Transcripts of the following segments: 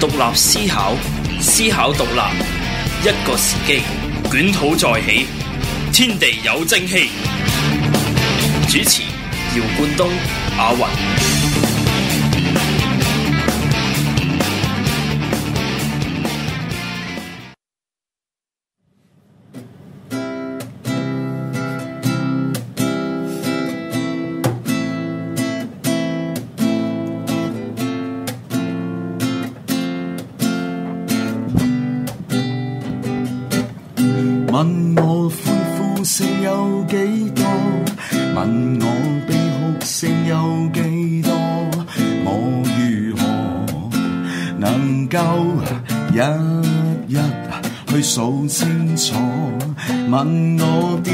獨立思考，思考獨立，一個時機，捲土再起，天地有正氣。主持：姚冠東、阿雲。問我歡呼聲有幾多？問我悲哭聲有幾多？我如何能夠一一去數清楚？問我。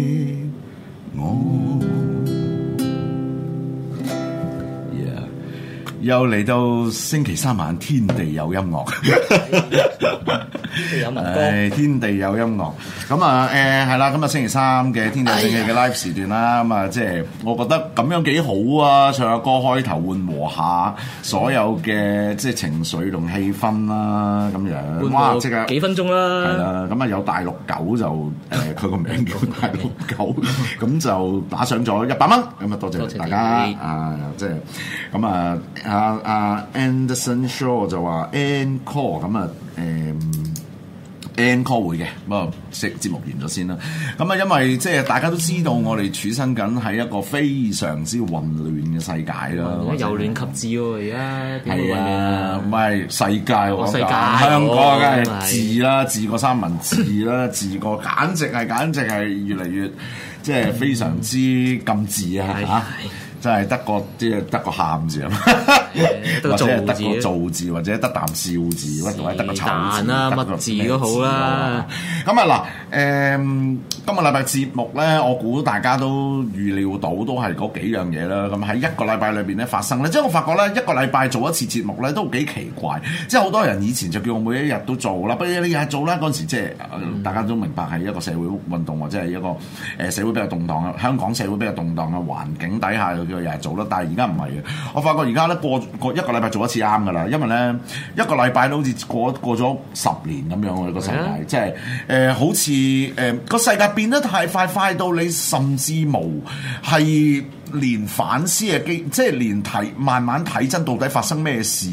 又嚟到星期三晚，天地有音樂。 唉，天地有問，誒，天地有音樂咁 If 啊！誒 jam，係啦，今日星期三嘅天地正氣嘅 live 時段啦，咁啊，即係我覺得咁樣幾好啊！唱下歌開頭緩和下所有嘅即係情緒同氣氛啦，咁樣哇！即係幾分鐘啦，係啦 on、啊。咁啊，有大陸狗就誒，佢個名叫大陸狗，咁 Uber 就打上咗一百蚊。咁啊，多謝大家啊！即係咁啊，阿、啊、阿、啊、Anderson Shaw 就話 End Call 咁啊，誒、嗯。Um Encore 會嘅，咁啊，食節目完咗先啦。咁啊，因為即係大家都知道，我哋處身緊喺一個非常之混亂嘅世界咯。有亂及治喎，而家，係啦，唔係世界，香港梗係治啦，治過是三文治啦，治過 簡直係簡直係越嚟越即係 非常之禁治啊嚇！的真係得個即係得個喊字啊，嗯、 或者得個造字，或者得啖笑字，啊、或者得個醜字，乜字都好啦、啊。咁啊嗱，誒，今日禮拜節目咧，我估大家都預料到都係嗰幾樣嘢啦。咁喺一個禮拜裏邊咧，發生咧，即係我發覺咧一個禮拜做一次節目咧都幾奇怪。即係好多人以前就叫我每一日都做啦，不如你日日做啦。嗰陣時即係、呃、大家都明白係一個社會運動，或者係一個誒社會比較動盪嘅香港社會比較動盪嘅環境底下。又係做啦，但係而家唔係嘅。我發覺而家咧過過一個禮拜做一次啱㗎啦，因為咧一個禮拜都好似過過咗十年咁樣。我、這、呢個世界吧即係誒、呃，好似誒個世界變得太快，快到你甚至無係連反思嘅機，即係連睇慢慢睇真到底發生咩事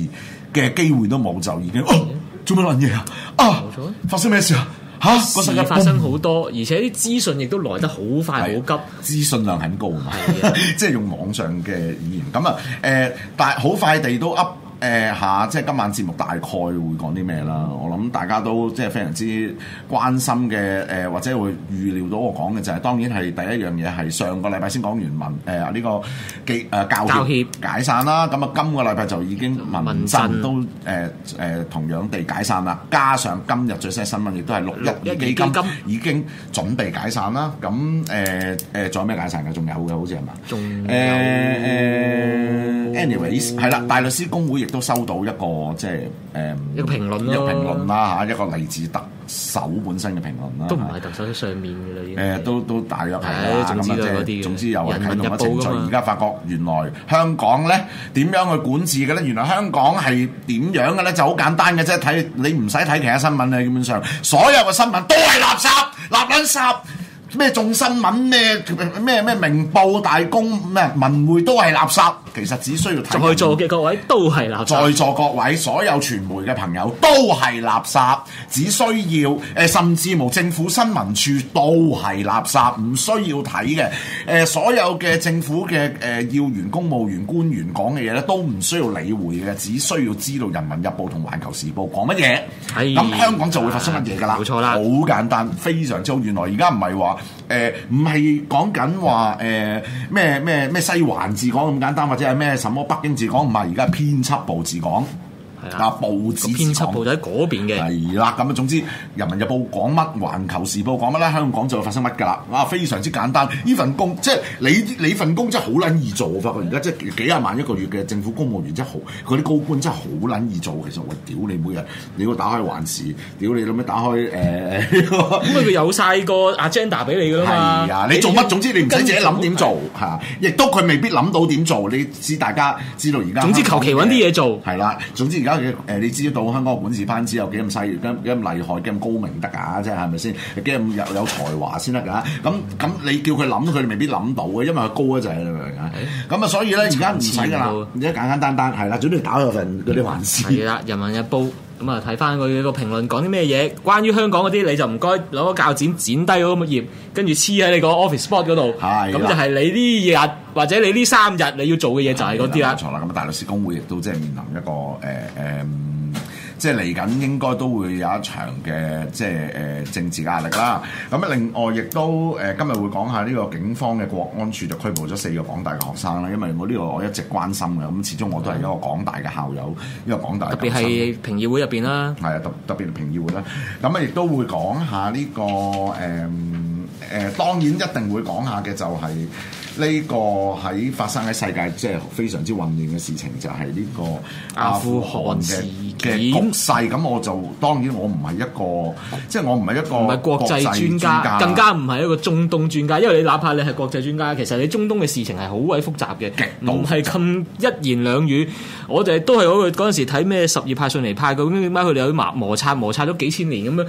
嘅機會都冇，就已經、啊、做乜爛嘢啊！發生咩事啊？嚇！個世界發生好多，而且啲資訊亦都來得好快好的急，資訊量很高啊。是的 即係用網上嘅語言咁啊誒，但係好快地都 up。誒吓，即係今晚節目大概會講啲咩啦？我諗大家都即係非常之關心嘅，誒或者會預料到我講嘅就係、是、當然係第一樣嘢係上個禮拜先講完民，誒呢個基，誒教協解散啦。咁啊，今個禮拜就已經民民陣都誒誒、呃、同樣地解散啦。加上今日最新新聞亦都係六一二基金已經準備解散啦。咁誒誒仲有咩解散嘅？仲有嘅好似係嘛？仲誒誒 anyways 係啦有、呃 anyway，大律師公會。都收到一個即係誒、呃、一個評論，一個評論啦嚇，啊、一個嚟自特首本身嘅評論啦、呃，都唔係特首上面嘅啦。誒，都都大約係啦咁啦，總之又睇到個程序。而家發覺原來香港咧點樣去管治嘅咧？原來香港係點樣嘅咧？就好簡單嘅啫，睇你唔使睇其他新聞啦。基本上所有嘅新聞都係垃圾，垃圾咩眾新聞咩咩咩明報大公咩文匯都係垃圾。其實只需要睇。在座嘅各位都係垃圾，在座各位所有傳媒嘅朋友都係垃圾，只需要誒，甚至無政府新聞處都係垃圾，唔需要睇嘅。誒，所有嘅政府嘅誒要員、公務員、官員講嘅嘢咧，都唔需要理會嘅，只需要知道《人民日報》同《環球時報》講乜嘢？咁、哎、香港就會發生乜嘢噶啦。冇、哎、錯啦，好簡單，非常之好。原來而家唔係話誒，唔係講緊話誒咩咩咩西環治港咁簡單。即係咩？什麼北京治港？唔係而家編輯部治港。嗱，報紙編輯部就喺嗰邊嘅。係啦，咁啊，總之《人民日報》講乜，《環球時報》講乜咧，香港就會發生乜㗎啦。哇，非常之簡單。呢份工即係你你份工真係好撚易做。我發覺而家即係幾廿萬一個月嘅政府公務員，真係好嗰啲高官真係好撚易做。其實我屌你每日，你打你打開環視，屌、呃、你諗咩打開誒咁佢有晒個 agenda 俾你㗎嘛？係啊，你做乜？總之你唔使自己諗點做嚇，亦著都佢未必諗到點做。你知大家知道而家。總之求其揾啲嘢做。係啦，總之。而你知道香港個管事班子有幾咁細，幾咁厲害，幾咁高明得㗎？即係係咪先？幾咁有有才華先得㗎？咁咁你叫佢諗，佢未必諗到嘅，因為佢高一陣，你明唔明啊？咁啊，所以咧而家唔使㗎啦，而家簡簡單單係啦，最多打佢份嗰啲橫紙。係啦人，《人民日報》咁啊，睇翻佢個評論講啲咩嘢？關於香港嗰啲，你就唔該攞個鉸剪剪低嗰個葉，跟住黐喺你個 office spot 嗰度。係的。咁就係你啲嘢、啊。或者你呢三日你要做嘅嘢就係嗰啲啦。錯啦、嗯，咁大律師公會亦都即係面臨一個誒誒、呃，即係嚟緊應該都會有一場嘅即係誒、呃、政治壓力啦。咁啊，另外亦都誒、呃、今日會講下呢個警方嘅國安處就拘捕咗四個港大嘅學生啦。因為我呢個我一直關心嘅，咁始終我都係有個港大嘅校友，一個港大特別係評議會入邊啦。係啊，特特別係評議會啦。咁啊，亦都會講下呢、這個誒誒、呃呃，當然一定會講下嘅就係、是。呢個喺發生喺世界即係、就是、非常之混亂嘅事情，就係、是、呢個阿富汗嘅嘅咁細。咁我就當然我唔係一個，即、就、係、是、我唔係一個唔係國際專家，專家更加唔係一個中東專家。因為你哪怕你係國際專家，其實你中東嘅事情係好鬼複雜嘅，唔係咁一言兩語。我哋都係嗰個嗰陣時睇咩十二派、遜尼派，究竟點解佢哋有啲磨摩擦摩擦咗幾千年咁樣？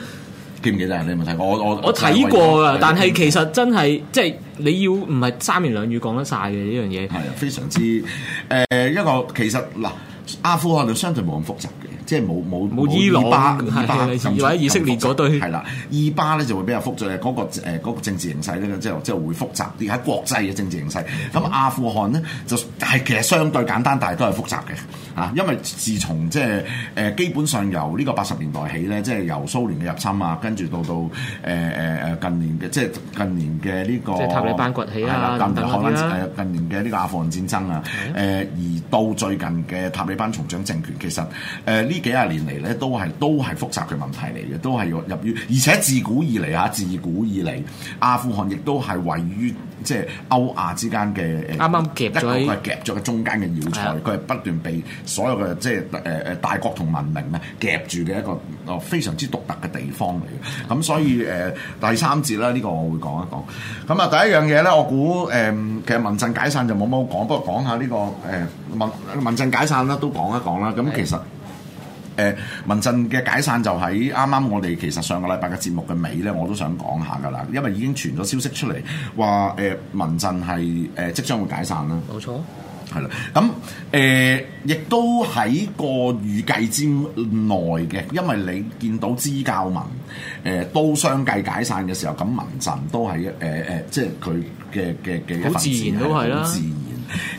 記唔記得呀？你有冇睇過？我我我睇過啊，但係是 其實真係即係你要唔係三言兩語講得晒嘅，呢樣嘢。係啊，非常之誒、呃、一個其實嗱、呃、阿富汗就相對冇咁複雜。即係冇冇冇伊巴、伊巴的，麼或者以色列嗰對係啦。二巴咧就會比較複雜，嗰、那個誒嗰、呃那個、政治形勢咧，即係即係會複雜而喺國際嘅政治形勢。咁阿富汗咧就係、是、其實相對簡單，但係都係複雜嘅嚇、啊，因為自從即係誒基本上由呢個八十年代起咧，即係由蘇聯嘅入侵啊，跟住到到誒誒誒近年嘅即係近年嘅呢、這個即塔利班崛起近啊，啦、啊，誒近年嘅呢個阿富汗戰爭的啊，誒而到最近嘅塔利班重掌政權，其實誒呢。呃幾廿年嚟咧，都係都係複雜嘅問題嚟嘅，都係入入於，而且自古以嚟嚇，自古以嚟阿富汗亦都係位於即係歐亞之間嘅誒，啱啱夾咗，一個夾著嘅中間嘅要塞，佢係的不斷被所有嘅即係誒誒大國同文明咧夾住嘅一個非常之獨特嘅地方嚟嘅。咁的所以誒、呃、第三節啦，呢、這個我會講一講。咁啊，第一樣嘢咧，我估誒、呃、其實民陣解散就冇乜好講，不過講下呢、這個誒民、呃、民陣解散啦，都講一講啦。咁其實。其實誒民陣嘅解散就喺啱啱我哋其實上個禮拜嘅節目嘅尾呢，我都想講下㗎喇，因為已經傳咗消息出嚟，話誒、呃、民陣係誒、呃、即將會解散啦。冇錯錯，係啦。咁、嗯、誒、呃、亦都喺個預計之內嘅，因為你見到支教民誒、呃、都相繼解散嘅時候，咁民陣都係一誒誒，即係佢嘅嘅嘅一份子啦。好自然都係囉，自然。啊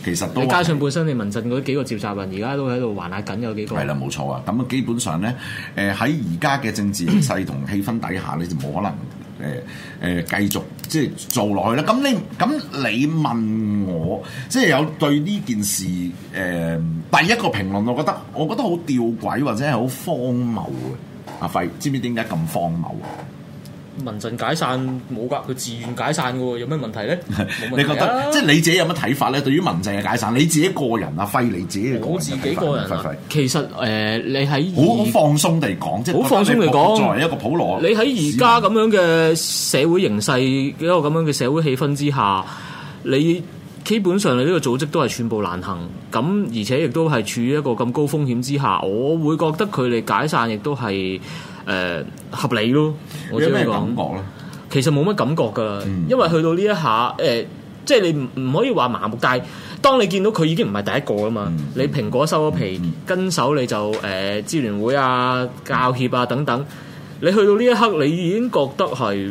其實都你加上本身你民陣嗰幾個召集人，而家都喺度還下緊有幾個係啦，冇錯啊。咁啊，基本上咧，誒喺而家嘅政治形勢同氣氛底下，你就冇可能誒誒繼續即係做落去啦。咁你咁你問我，即係有對呢件事誒、呃、第一個評論，我覺得我覺得好吊詭或者係好荒謬嘅。阿輝，知唔知點解咁荒謬啊？民陣解散冇噶，佢自願解散嘅喎，有咩問題咧？冇問題 你覺得即係你自己有乜睇法咧？對於民陣嘅解散，你自己個人啊，廢你自己個人、啊、我自己個人、啊。非非其實誒、呃，你喺好放鬆地講，即係好放鬆地講，作為一個普羅，你喺而家咁樣嘅社會形勢，一個咁樣嘅社會氣氛之下，你。基本上你呢、這個組織都係寸步難行，咁而且亦都係處於一個咁高風險之下，我會覺得佢哋解散亦都係誒、呃、合理咯。我咩、這個、感覺咧？其實冇乜感覺噶，嗯、因為去到呢一下，誒、呃，即、就、係、是、你唔唔可以話麻木，但係當你見到佢已經唔係第一個啊嘛，嗯、你蘋果收咗皮，嗯、跟手你就誒支聯會啊、教協啊等等，你去到呢一刻，你已經覺得係。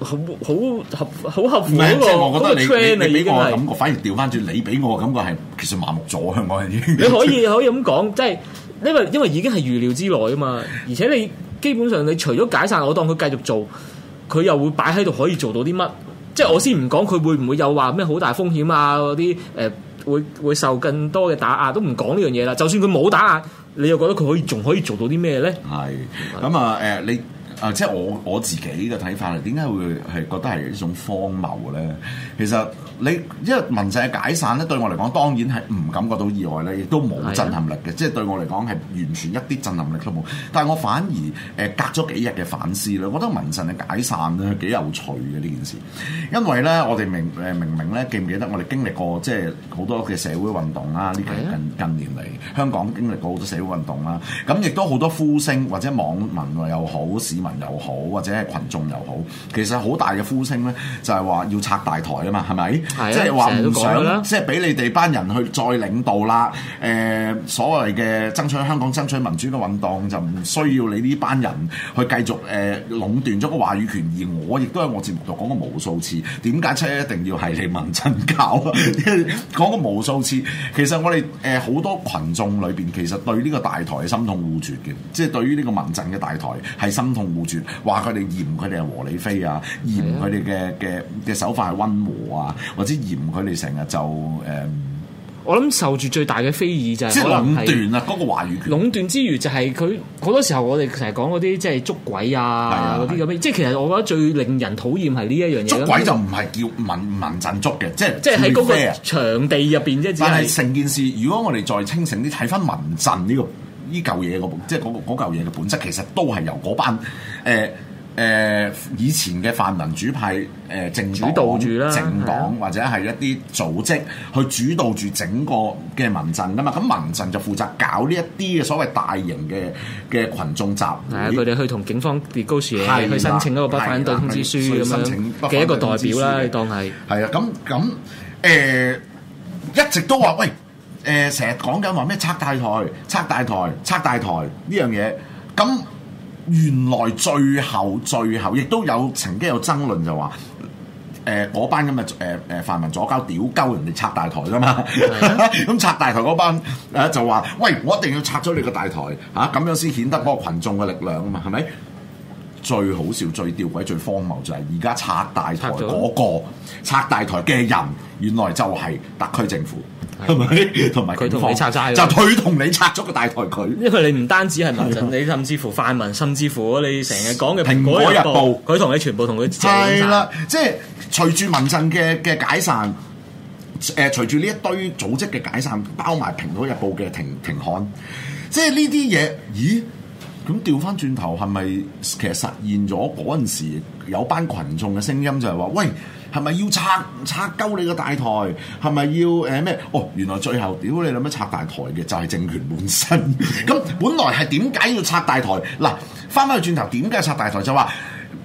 好好合好合符嗰個，唔係即係我覺得你你俾我感覺，反而調翻轉你俾我感覺係其實麻木咗香港人已經。你可以可以咁講，即係因為因為已經係預料之內啊嘛，而且你基本上你除咗解散，我當佢繼續做，佢又會擺喺度可以做到啲乜？即係我先唔講佢會唔會有話咩好大風險啊嗰啲誒，會會受更多嘅打壓，都唔講呢樣嘢啦。就算佢冇打壓，你又覺得佢可以仲可以做到啲咩咧？係咁啊誒你。即係我我自己嘅睇法啊，點解會係覺得係一種荒謬咧？其實你因為民陣嘅解散咧，對我嚟講當然係唔感覺到意外咧，亦都冇震撼力嘅，的即係對我嚟講係完全一啲震撼力都冇。但係我反而誒隔咗幾日嘅反思咧，我覺得民陣嘅解散咧幾有趣嘅呢件事，的因為咧我哋明誒明明咧，記唔記得我哋經歷過即係好多嘅社會運動啦？呢、這個、近近的近年嚟香港經歷過好多社會運動啦，咁亦都好多呼聲或者網民又好市民。又好，或者係群眾又好，其實好大嘅呼聲呢，就係話要拆大台啊嘛，係咪？啊、即係話唔想，即係俾你哋班人去再領導啦。誒、呃，所謂嘅爭取香港、爭取民主嘅運動，就唔需要你呢班人去繼續誒、呃、壟斷咗個話語權。而我亦都喺我節目度講過無數次，點解真一定要係你民陣搞？講 過無數次，其實我哋誒好多群眾裏邊，其實對呢個大台係心痛呼絕嘅，即係對於呢個民陣嘅大台係心痛。顧住話佢哋嫌佢哋係和理非啊，嫌佢哋嘅嘅嘅手法係溫和啊，或者嫌佢哋成日就誒，嗯、我諗受住最大嘅非議就係壟斷啊，嗰個話語權。壟斷之餘就係佢好多時候我哋成日講嗰啲即係捉鬼啊，係啊，嗰啲咁嘅，即係其實我覺得最令人討厭係呢一樣嘢。捉鬼就唔係叫民民陣捉嘅，即係即係喺嗰個場地入邊啫。但係成件事，如果我哋再清醒啲睇翻民陣呢個。呢舊嘢個本，即係嗰舊嘢嘅本質，其實都係由嗰班誒誒以前嘅泛民主派誒政黨、政黨或者係一啲組織去主導住整個嘅民陣噶嘛。咁民陣就負責搞呢一啲嘅所謂大型嘅嘅羣眾集，係啊，佢哋去同警方遞高樹嘢，去申請嗰個不反對通知書咁樣嘅一個代表啦，當係係啊。咁咁誒一直都話喂。誒成日講緊話咩拆大台、拆大台、拆大台呢樣嘢，咁原來最後最後亦都有曾經有爭論就話，誒、呃、班咁嘅誒誒泛民左膠屌鳩人哋拆大台㗎嘛，咁的、 嗯、拆大台嗰班誒、呃、就話，喂我一定要拆咗你個大台啊，咁樣先顯得嗰個羣眾嘅力量啊嘛，係咪？最好笑、最吊鬼、最荒謬就係而家拆大台嗰個拆大台嘅人，原來就係特區政府，同咪的？同埋佢同你拆就佢同你拆咗個大台佢。因為你唔單止係民陣，的你甚至乎泛民，甚至乎你成日講嘅《蘋果日報》，佢同你全部同佢。係啦，即、就、係、是、隨住民陣嘅嘅解散，誒、呃，隨住呢一堆組織嘅解散，包埋《蘋果日報》嘅停停刊，即係呢啲嘢，咦？咁調翻轉頭係咪其實實現咗嗰陣時有班群眾嘅聲音就係話，喂，係咪要拆拆鳩你個大台？係咪要誒咩、呃？哦，原來最後屌你諗乜拆大台嘅就係、是、政權本身。咁 本來係點解要拆大台？嗱，翻翻去轉頭點解拆大台，就話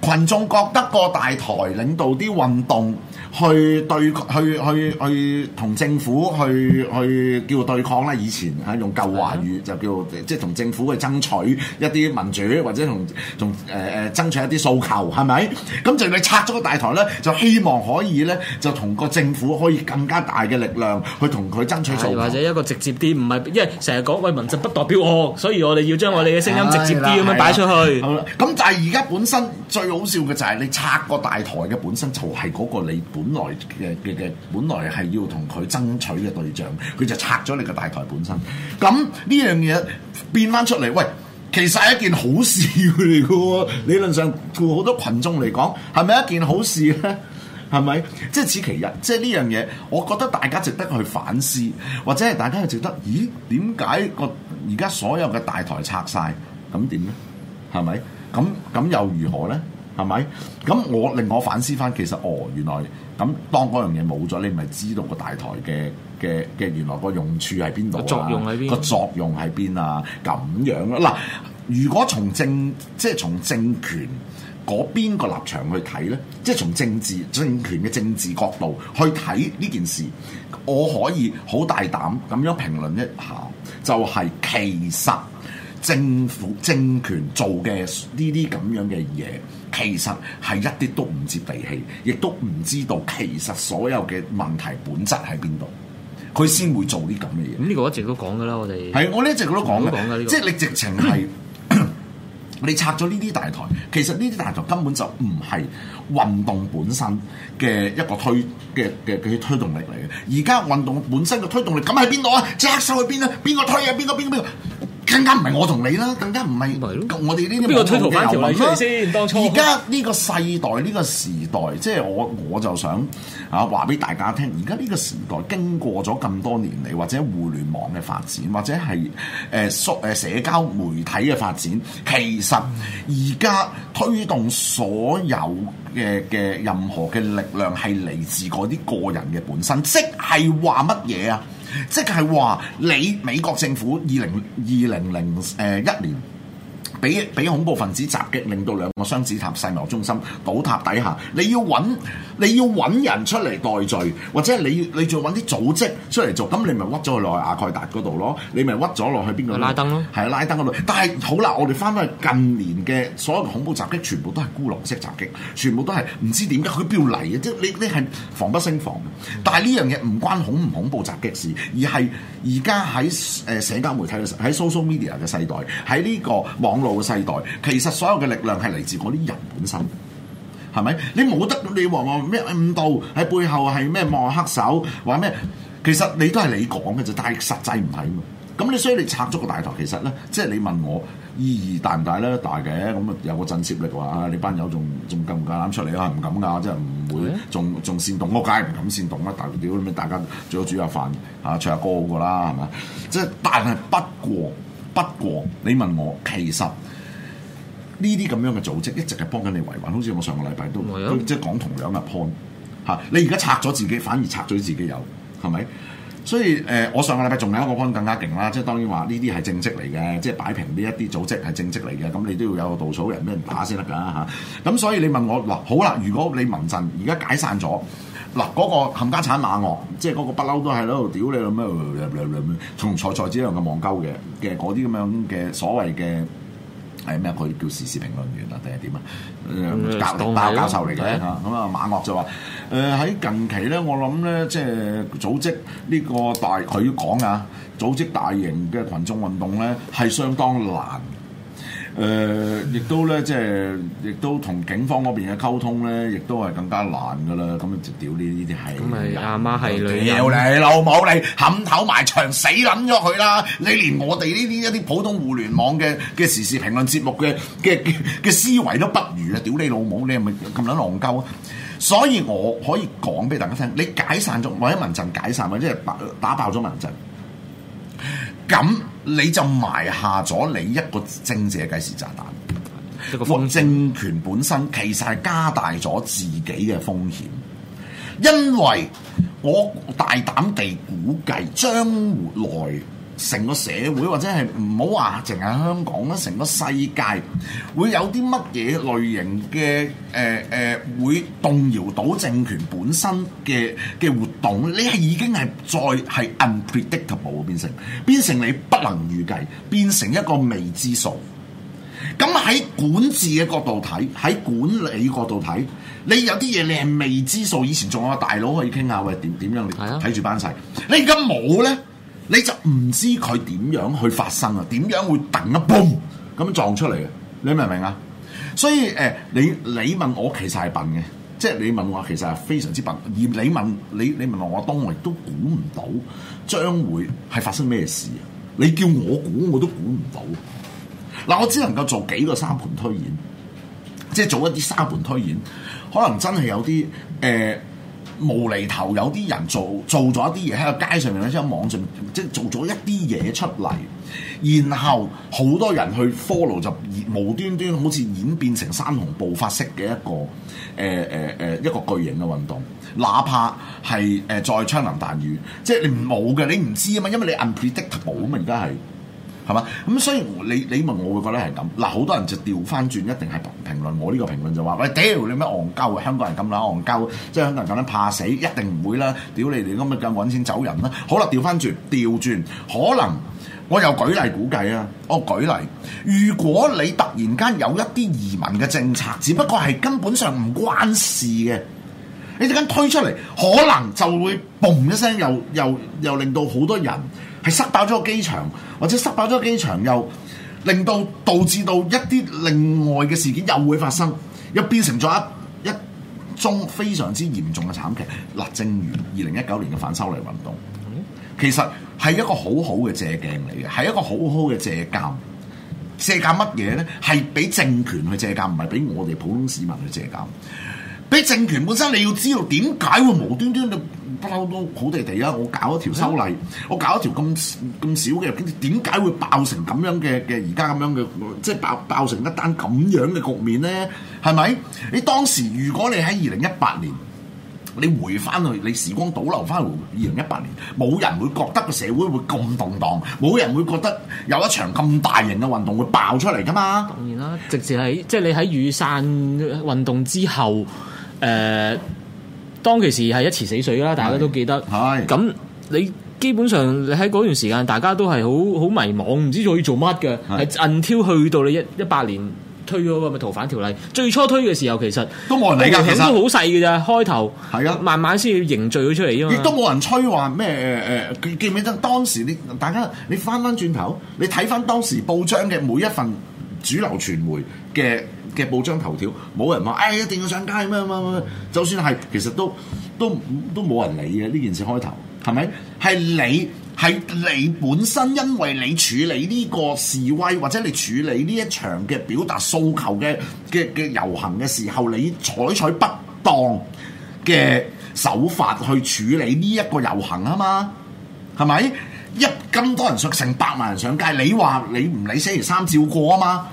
群眾覺得個大台領導啲運動。去對去去去同政府去去叫對抗啦！以前係用舊話語就叫 即係同政府去爭取一啲民主，或者同同誒誒爭取一啲訴求，係咪？咁就佢拆咗個大台咧，就希望可以咧，就同個政府可以更加大嘅力量去同佢爭取訴求。或者一個直接啲，唔係因為成日講喂民主不代表我，所以我哋要將我哋嘅聲音直接啲咁樣擺出去。好啦。咁但係而家本身最好笑嘅就係你拆個大台嘅本身就係嗰個你。本來嘅嘅嘅，本來係要同佢爭取嘅對象，佢就拆咗你個大台本身。咁呢樣嘢變翻出嚟，喂，其實係一件好事嚟嘅喎。理論上對好多群眾嚟講，係咪一件好事咧？係咪？即此其一。即呢樣嘢，我覺得大家值得去反思，或者係大家係值得。咦？點解個而家所有嘅大台拆晒？咁點咧？係咪？咁咁又如何咧？係咪？咁我令我反思翻，其實哦，原來咁當嗰樣嘢冇咗，你咪知道個大台嘅嘅嘅原來個用處喺邊度？作用喺邊啊？個 作用喺邊啊？咁樣嗱，如果從政即係從政權嗰邊個立場去睇咧，即係從政治政權嘅政治角度去睇呢件事，我可以好大膽咁樣評論一下，就係其實。政府政權做嘅呢啲咁樣嘅嘢，其實係一啲都唔接地氣，亦都唔知道其實所有嘅問題本質喺邊度，佢先會做啲咁嘅嘢。呢、嗯呢個一直都講㗎啦，我哋係我呢一直都講嘅，即係你直情係 你拆咗呢啲大台，其實呢啲大台根本就唔係運動本身嘅一個推嘅嘅推動力嚟嘅。而家運動本身嘅推動力咁喺邊度啊？即刻上去邊啊？邊個推啊？邊個邊個邊個？更加唔係我同你啦，更加唔係我哋呢啲邊個推頭版條先？當初而家呢個世代呢個時代，即係我我就想嚇話俾大家聽。而家呢個時代經過咗咁多年嚟，或者互聯網嘅發展，或者係誒縮社交媒體嘅發展，其實而家推動所有嘅嘅任何嘅力量係嚟自嗰啲個人嘅本身，即係話乜嘢啊？即係話，你美國政府二零二零零呃、呃、一年。俾俾恐怖分子襲擊，令到兩個雙子塔世貿中心倒塌底下，你要揾你要揾人出嚟代罪，或者你你再揾啲組織出嚟做，咁你咪屈咗落去阿蓋達嗰度咯，你咪屈咗落去邊個拉登咯？係啊，拉登嗰度。但係好啦，我哋翻返去近年嘅所有恐怖襲擊，全部都係孤狼式襲擊，全部都係唔知點解佢要嚟嘅，即係你你係防不勝防，但係呢樣嘢唔關恐唔恐怖襲擊事，而係而家喺誒社交媒體嘅時喺 social media 嘅世代，喺呢個網絡，舊世代，其實所有嘅力量係嚟自嗰啲人本身，係咪？你冇得你話我咩誤導喺背後係咩幕後黑手，話咩？其實你都係你講嘅啫，但實際唔係。咁你所以你拆咗個大台，其實咧，即係你問我意義大唔大咧？大嘅，咁啊有個震懾力話啊，你班友仲仲夠唔夠膽出嚟啊？唔敢噶，真係唔會，仲仲煽動，我梗係唔敢煽動啦。大屌你，大家最好煮下飯啊，唱下歌噶啦，係咪？即係但係不過。不過，你問我其實呢啲咁樣嘅組織一直係幫緊你維穩，好似我上個禮拜都、啊、都即係講同樣嘅 point 嚇。你而家拆咗自己，反而拆咗自己有係咪？所以誒、呃，我上個禮拜仲有一個 point 更加勁啦。即係當然話呢啲係正職嚟嘅，即係擺平呢一啲組織係正職嚟嘅，咁你都要有個稻草人俾人打先得㗎嚇。咁、啊、所以你問我嗱、啊，好啦，如果你民陣而家解散咗。嗱，嗰、那個冚家鏟馬嶽，即係嗰個不嬲都喺度屌你咁樣，從財財一人嘅網購嘅嘅嗰啲咁樣嘅所謂嘅係咩？佢叫時事評論員啊，定係點啊？教、呃、教教授嚟嘅嚇，咁啊、嗯、馬嶽就話：誒、呃、喺近期咧，我諗咧即係組織呢個大佢講啊，組織大型嘅群眾運動咧係相當難。誒、呃，亦都咧，即係亦都同警方嗰邊嘅溝通咧，亦都係更加難㗎喇。咁啊，屌你呢啲係，阿媽係女，你老母你冚頭埋牆，死撚咗佢啦！你連我哋呢啲一啲普通互聯網嘅嘅時事評論節目嘅嘅嘅思維都不如啊！屌你老母，你係咪咁撚戇鳩？所以我可以講俾大家聽，你解散咗，或者民陣解散，或者打打爆咗民陣。咁你就埋下咗你一個政治嘅計時炸彈，個政權本身其實係加大咗自己嘅風險，因為我大膽地估計將來。成個社會或者係唔好話淨係香港啦，成個世界會有啲乜嘢類型嘅誒誒會動搖到政權本身嘅嘅活動？你係已經係再係 unpredictable 變成變成你不能預計，變成一個未知數。咁喺管治嘅角度睇，喺管理角度睇，你有啲嘢你係未知數。以前仲有個大佬可以傾下，或者點點樣、啊、你睇住班細，你而家冇咧。你就唔知佢點樣去發生啊，點樣會突一 boom 咁撞出嚟嘅。你明唔明啊？所以誒、呃，你你問我其實係笨嘅，即係你問我其實係非常之笨。而你問你你問我，我當我亦都估唔到將會係發生咩事啊。你叫我估我都估唔到。嗱、呃，我只能夠做幾個沙盤推演，即係做一啲沙盤推演，可能真係有啲誒。呃無厘頭有啲人做做咗一啲嘢喺個街上面，或者網上，即係做咗一啲嘢出嚟，然後好多人去 follow 就無端端好似演變成山洪暴發式嘅一個誒誒誒一個巨型嘅運動，哪怕係誒、呃、再槍林彈雨，即係你唔冇嘅，你唔知啊嘛，因為你 unpredictable 啊嘛，而家係。係嘛？咁、嗯、所以你你問我會覺得係咁嗱，好多人就調翻轉，一定係評評論。我呢個評論就話：喂，屌你咩戇鳩啊！香港人咁撚戇鳩，即係香港人咁撚怕死，一定唔會啦！屌你哋咁咪咁搵錢走人啦！好啦，調翻轉，調轉，可能我又舉例估計啊！我舉例，如果你突然間有一啲移民嘅政策，只不過係根本上唔關事嘅，你陣間推出嚟，可能就會嘣一聲，又又又令到好多人。係塞爆咗個機場，或者塞爆咗個機場，又令到導致到一啲另外嘅事件又會發生，又變成咗一一宗非常之嚴重嘅慘劇。嗱，正如二零一九年嘅反修例運動，其實係一個好好嘅借鏡嚟嘅，係一個好好嘅借鑑。借鑑乜嘢呢？係俾政權去借鑑，唔係俾我哋普通市民去借鑑。俾政權本身，你要知道點解會無端端不嬲都好地地啊！我搞一條修例，我搞一條咁咁少嘅，點解會爆成咁樣嘅嘅而家咁樣嘅，即係爆爆成一單咁樣嘅局面咧？係咪？你當時如果你喺二零一八年，你回翻去你時光倒流翻去二零一八年，冇人會覺得個社會會咁動盪，冇人會覺得有一場咁大型嘅運動會爆出嚟㗎嘛？當然啦，直接喺即係你喺雨傘運動之後。誒、呃，當其時係一池死水啦，大家都記得。係咁，你基本上喺嗰段時間，大家都係好好迷茫，唔知可以做乜嘅。係挑去到你一一八年推咗個咪逃犯條例，最初推嘅時候其實都冇人理噶，其實都好細嘅咋開頭。係啊，的慢慢先要凝聚咗出嚟啊嘛。亦都冇人催話咩誒誒，記唔記得當時你大家你翻翻轉頭，你睇翻當時報章嘅每一份主流傳媒嘅。嘅報章頭條，冇人話誒、哎、一定要上街咩咩咩。就算係，其實都都都冇人理嘅呢件事開頭，係咪？係你係你本身，因為你處理呢個示威或者你處理呢一場嘅表達訴求嘅嘅嘅遊行嘅時候，你採取不當嘅手法去處理呢一個遊行啊嘛？係咪？一咁多人上，成百萬人上街，你話你唔理星期三照過啊嘛？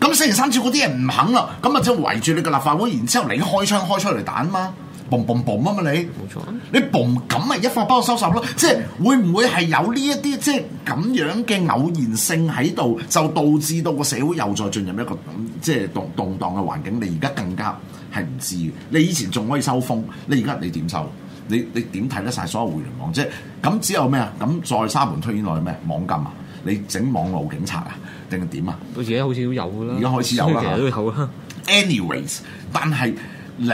咁星期三照過啲人唔肯啦，咁啊就係圍住你個立法會，然之後你開槍開出嚟彈嘛，嘣嘣嘣啊嘛你，冇錯，你嘣咁咪一發包收拾咯。嗯。即係會唔會係有呢一啲即係咁樣嘅偶然性喺度，就導致到個社會又再進入一個即係動動盪嘅環境？你而家更加係唔知嘅，你以前仲可以收風，你而家你點收？你你點睇得晒所有互聯網？即係咁只有咩啊？咁在沙門出現內咩？網禁啊？你整網路警察啊？定係點啊？到時好似都有㗎啦。而家開始有啦。有 anyways，但係你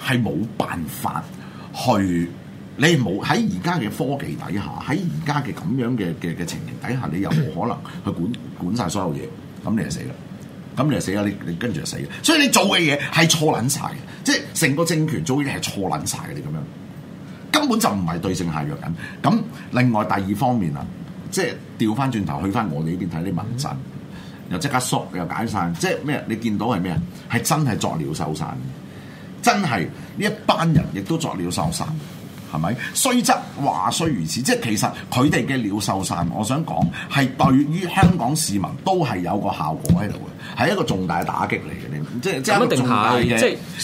係冇辦法去，你冇喺而家嘅科技底下，喺而家嘅咁樣嘅嘅嘅情形底下，你有冇可能去管管曬所有嘢？咁你就死啦！咁你就死啦！你你跟住就死啦。所以你做嘅嘢係錯撚晒嘅，即係成個政權做嘅嘢係錯撚晒嘅。你咁樣。根本就唔係對症下藥緊。咁另外第二方面啊，即係調翻轉頭去翻我哋呢邊睇啲民陣，嗯、又即刻縮又解散，即係咩？你見到係咩？係真係作鳥獸散，真係呢一班人亦都作鳥獸散。係咪？雖則話雖如此，即係其實佢哋嘅鳥獸散，我想講係對於香港市民都係有個效果喺度嘅，係一個重大打擊嚟嘅。呢即係即係一定係，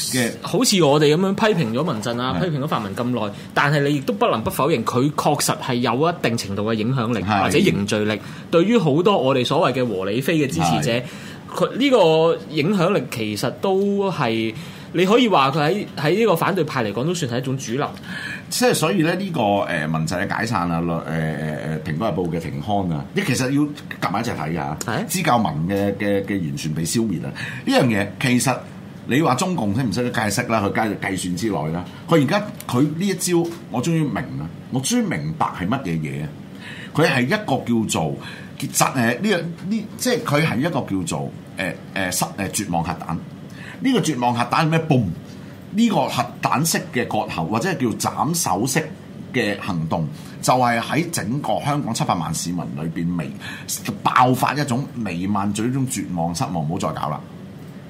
即係嘅。好似我哋咁樣批評咗民陣啊，批評咗泛民咁耐，但係你亦都不能不否認佢確實係有一定程度嘅影響力或者凝聚力，對於好多我哋所謂嘅和理非嘅支持者，佢呢的個影響力其實都係。你可以話佢喺喺呢個反對派嚟講都算係一種主流。即係所以咧呢、呢個誒民陣嘅解散啊，誒誒誒《蘋、呃、果日報》嘅停刊啊，你其實要夾埋一齊睇下，嚇、啊。係。支教民嘅嘅嘅完全被消滅啊！呢樣嘢其實你話中共識唔識得解釋啦？佢加入計算之內啦。佢而家佢呢一招，我終於明啦！我終於明白係乜嘢嘢啊！佢係一個叫做結集誒呢樣呢，即係佢係一個叫做誒誒失誒絕望核彈。呢個絕望核彈咩？嘣！呢個核彈式嘅割喉，或者係叫斬首式嘅行動，就係喺整個香港七百萬市民裏邊，微爆發一種瀰漫、呢種絕望、失望，唔好再搞啦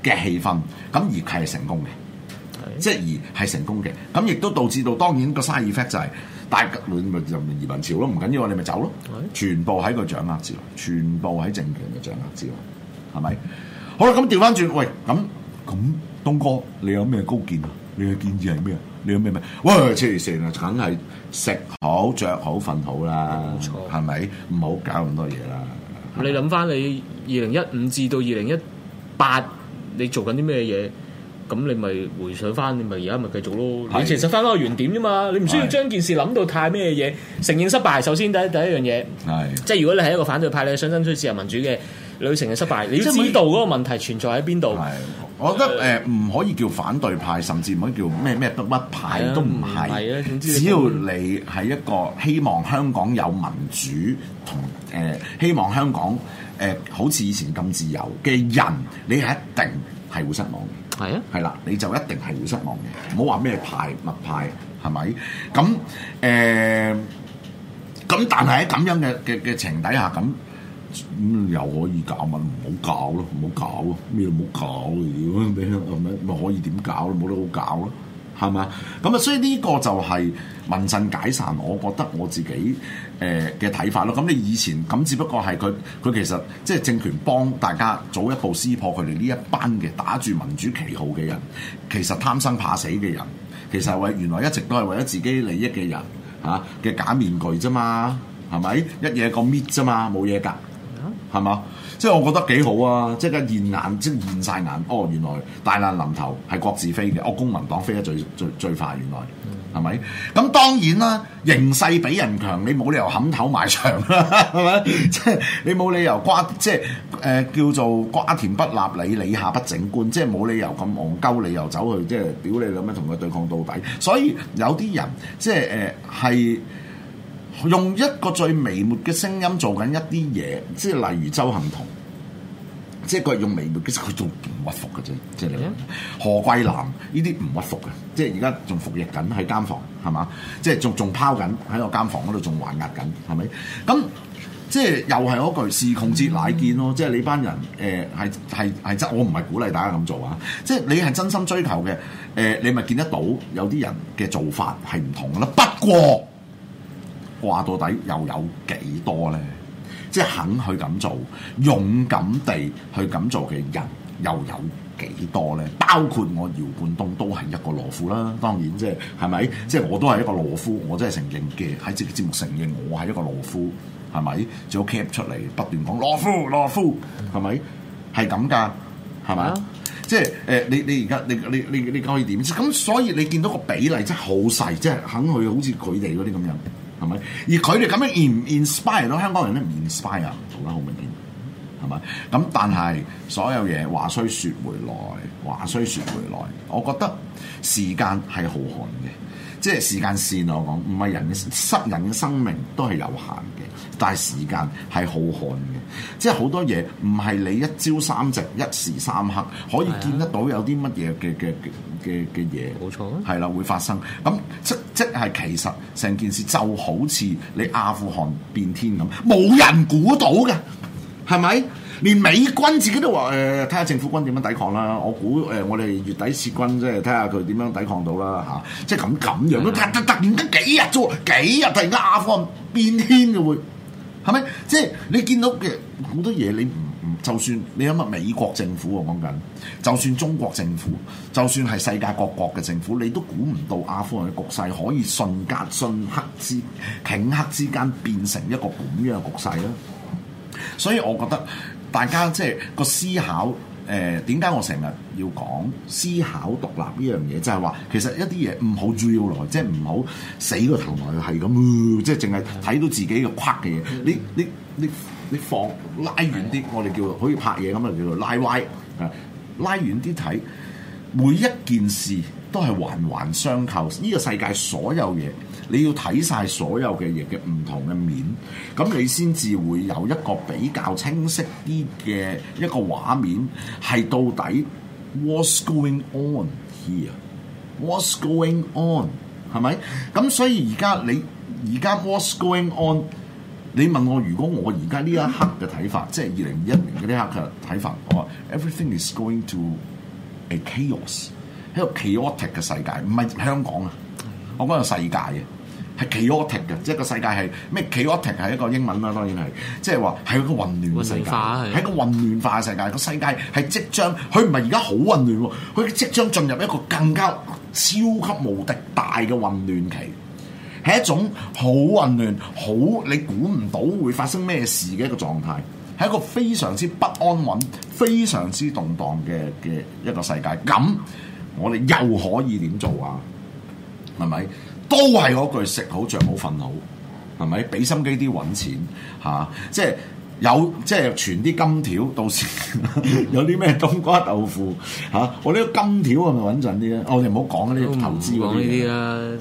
嘅氣氛。咁而佢係成功嘅，的即係而係成功嘅。咁亦都導致到，當然個 side effect 就係大熱亂移民潮咯。唔緊要，我哋咪走咯。全部喺個掌握之內，全部喺政權嘅掌握之內，係咪？好啦，咁調翻轉，喂咁。咁，東哥，你有咩高見啊？你嘅建議係咩？你有咩咩？喂，成成日梗係食好、着好、瞓好啦，係咪錯？唔好搞咁多嘢啦。你諗翻你二零一五至到二零一八，你做緊啲咩嘢？咁你咪回想翻，你咪而家咪繼續咯。的你其實翻返個原點啫嘛，你唔需要將件事諗到太咩嘢。承認失敗，首先第一第一樣嘢，係的即係如果你係一個反對派，你想爭取自由民主嘅，你要承認失敗，的你要知道嗰個問題存在喺邊度。我覺得誒唔、呃、可以叫反對派，甚至唔可以叫咩咩乜派都唔係。啊啊、只要你係一個希望香港有民主同誒、呃、希望香港誒、呃、好似以前咁自由嘅人，你係一定係會失望嘅。係啊，係啦，你就一定係會失望嘅。唔好話咩派乜派係咪？咁誒咁，但係喺咁樣嘅嘅嘅情底下咁。咁、嗯、又可以搞乜？唔好搞咯，唔好搞咯，咩都唔好搞嘅嘢，咪咪咪可以點搞咯？冇得好搞咯，係嘛？咁啊，所以呢個就係民陣解散，我覺得我自己誒嘅睇法咯。咁你以前咁，只不過係佢佢其實即係、就是、政權幫大家早一步撕破佢哋呢一班嘅打住民主旗號嘅人，其實貪生怕死嘅人，其實為原來一直都係為咗自己利益嘅人嚇嘅、啊、假面具啫嘛，係咪？一嘢個搣啫嘛，冇嘢㗎。係嘛？即係我覺得幾好啊！即係現眼，即係現曬眼。哦，原來大難臨頭係各自飛嘅，哦，公民黨飛得最最最快。原來係咪？咁、嗯嗯、當然啦，形勢比人強，你冇理由冚頭埋牆啦，係咪？ 即係你冇理由瓜，即係誒叫做瓜田不納履，你李下不整冠，即係冇理由咁戇鳩，你又走去即係表你咁樣同佢對抗到底。所以有啲人即係誒係。呃用一個最微末嘅聲音做緊一啲嘢，即係例如周幸彤，即係佢用微末嘅，佢做唔屈服嘅啫。即係何桂南呢啲唔屈服嘅，即係而家仲服役緊喺監房，係嘛？即係仲仲拋緊喺個監房嗰度仲還押緊，係咪？咁即係又係嗰句時窮節乃見咯。即係、嗯、你班人誒係係係真，我唔係鼓勵大家咁做啊！即係你係真心追求嘅誒、呃，你咪見得到有啲人嘅做法係唔同啦。不過。話到底又有幾多咧？即係肯去咁做、勇敢地去咁做嘅人又有幾多咧？包括我姚冠東都係一個懦夫啦。當然即係係咪？即係我都係一個懦夫，我真係承認嘅喺自己節目承認我係一個懦夫，係咪？最好 cap 出嚟不斷講懦夫，懦夫，係咪？係咁噶，係咪、啊呃？即係誒你你而家你你你你可以點？咁所以你見到個比例真係好細，即係肯去好似佢哋嗰啲咁樣。係咪？而佢哋咁樣 in inspire 到香港人咧，inspire 唔到啦？好明顯，係咪？咁但係所有嘢話雖說回來，話雖說回來，我覺得時間係浩瀚嘅，即係時間線我講，唔係人嘅失人嘅生命都係有限嘅，但係時間係浩瀚嘅，即係好多嘢唔係你一朝三夕、一時三刻可以見得到有啲乜嘢嘅嘅。嘅嘅嘢，冇錯、啊，係啦，會發生，咁即即係其實成件事就好似你阿富汗變天咁，冇人估到㗎，係咪？連美軍自己都話誒，呃，睇下政府軍點樣抵抗啦。我估誒、呃，我哋月底撤軍，即係睇下佢點樣抵抗到啦嚇、啊。即係咁咁樣咯，突突然間幾日咋幾日，突然間阿富汗變天嘅會，係咪？即係你見到嘅好多嘢，你唔～就算你諗下美國政府我講緊，就算中國政府，就算係世界各國嘅政府，你都估唔到阿富汗嘅局勢可以瞬間瞬刻之頃刻之間變成一個咁樣嘅局勢咯。所以我覺得大家即係個思考，誒，點解我成日要講思考獨立呢樣嘢？就係話其實一啲嘢唔好要注來，即係唔好死個頭來係咁，即係淨係睇到自己嘅框嘅嘢。你你你。你你放拉遠啲，我哋叫可以拍嘢咁啊，叫做拉歪啊，拉遠啲睇。每一件事都係環環相扣，呢個世界所有嘢，你要睇晒所有嘅嘢嘅唔同嘅面，咁你先至會有一個比較清晰啲嘅一個畫面，係到底 what's going on here？What's going on？係咪？咁所以而家你而家 what's going on？你問我如果我而家呢一刻嘅睇法，即係二零二一年呢一刻嘅睇法，我話 Everything is going to a chaos，喺個 chaotic 嘅世界，唔係香港啊，我講個世界啊，係 chaotic 嘅，即係個世界係咩 chaotic 係一個英文啦，當然係，即係話係一個混亂嘅世界，係一個混亂化嘅世界，個世界係即將，佢唔係而家好混亂喎，佢即將進入一個更加超級無敵大嘅混亂期。係一種好混亂、好你估唔到會發生咩事嘅一個狀態，係一個非常之不安穩、非常之動盪嘅嘅一個世界。咁我哋又可以點做啊？係咪？都係嗰句食好、着好、瞓好，係咪？俾心機啲揾錢嚇，即係。有即係存啲金條，到時 有啲咩冬瓜豆腐嚇、啊，我呢個金條係咪穩陣啲咧？我哋唔好講呢啲投資，講呢、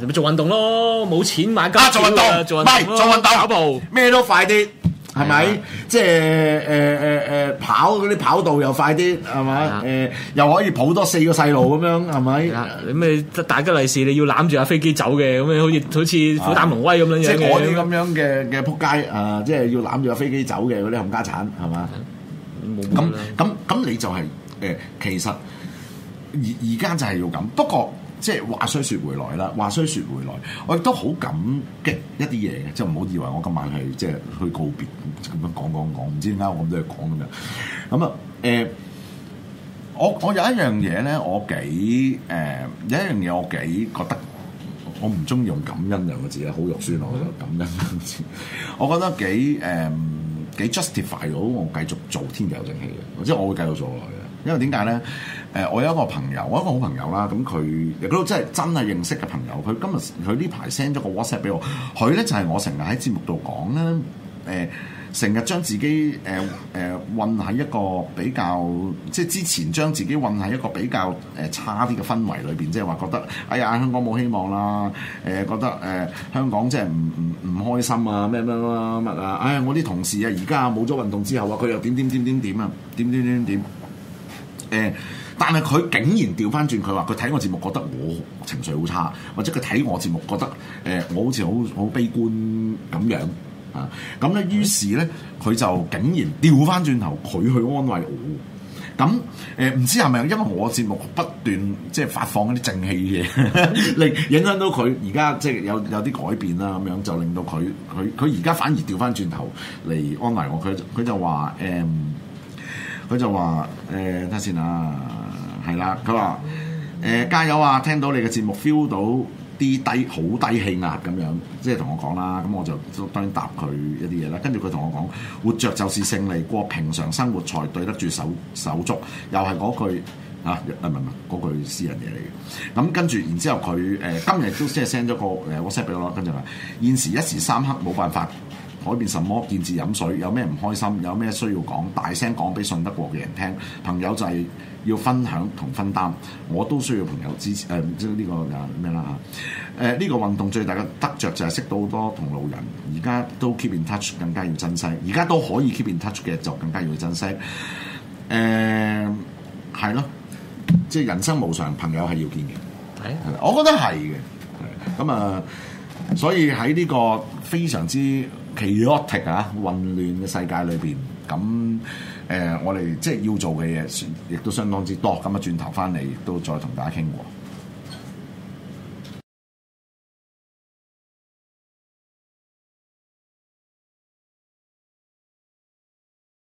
啊、做運動咯，冇錢買金條、啊啊，做運動，唔係做，做運動，跑步咩都快啲。係咪？即係誒誒誒，跑嗰啲跑道又快啲，係咪？誒吧、呃，又可以抱多四個細路咁樣，係咪？咁你吧 大吉利是你要攬住架飛機走嘅，咁樣好似好似虎膽龍威咁樣嘅，即係我哋咁樣嘅嘅撲街啊！即係、 啊、要攬住架飛機走嘅嗰啲冚家鏟，係嘛？咁咁咁你就係、是、誒，其實而而家就係要咁，不過。即係話雖說回來啦，話雖說回來，我亦都好感激一啲嘢嘅，就唔好以為我今晚係即係去告別咁樣講講講，唔知點解我咁多嘢講咁樣。咁、嗯、啊，誒、呃，我我有一樣嘢咧，我幾誒、呃、有一樣嘢我幾覺得，我唔中意用感恩兩個字啊，好肉酸我覺得感恩兩個字。我覺得幾誒、呃、幾 justify 到我繼續做天地友政氣嘅，即係我會繼續做落去。因為點解咧？誒，我有一個朋友，我一個好朋友啦。咁佢亦都真係真係認識嘅朋友。佢今日佢呢排 send 咗個 WhatsApp 俾我。佢咧就係我成日喺節目度講咧，誒成日將自己誒誒、呃、混喺一個比較即係之前將自己混喺一個比較誒、呃、差啲嘅氛圍裏邊，即係話覺得哎呀香港冇希望啦，誒、呃、覺得誒、呃、香港即係唔唔唔開心啊，咩咩乜啊，哎呀我啲同事啊，而家冇咗運動之後啊，佢又點點點點點啊，點點點點。誒，但係佢竟然調翻轉，佢話佢睇我節目覺得我情緒好差，或者佢睇我節目覺得誒、呃、我好似好好悲觀咁樣啊，咁咧於是咧佢就竟然調翻轉頭，佢去安慰我。咁誒唔知係咪因為我節目不斷即係發放一啲正氣嘅嘢， 令影響到佢而家即係有有啲改變啦咁樣，就令到佢佢佢而家反而調翻轉頭嚟安慰我。佢佢就話誒。嗯佢就話：誒睇先啊，係啦。佢話：誒、欸、加油啊！聽到你嘅節目，feel 到啲低好低氣壓咁樣，即係同我講啦。咁我就當然答佢一啲嘢啦。跟住佢同我講：活着就是勝利，過平常生活才對得住手手足。又係嗰句啊，唔係唔係嗰句私人嘢嚟嘅。咁跟住然之後佢誒、呃、今日都即係 send 咗個誒 WhatsApp 俾我啦，跟住話現時一時三刻冇辦法。改變什麼？見字飲水，有咩唔開心？有咩需要講？大聲講俾順德國嘅人聽。朋友就係要分享同分擔，我都需要朋友支持。誒、呃，即係呢個咩啦嚇？誒、啊，呢、呃這個運動最大嘅得着就係識到好多同路人，而家都 keep in touch，更加要珍惜。而家都可以 keep in touch 嘅，就更加要珍惜。誒、呃，係咯，即、就、係、是、人生無常，朋友係要見嘅。係，我覺得係嘅。咁啊、呃，所以喺呢個非常之 chaotic 啊，混亂嘅世界裏邊，咁誒、呃，我哋即係要做嘅嘢，亦都相當之多。咁啊，轉頭翻嚟亦都再同大家傾過。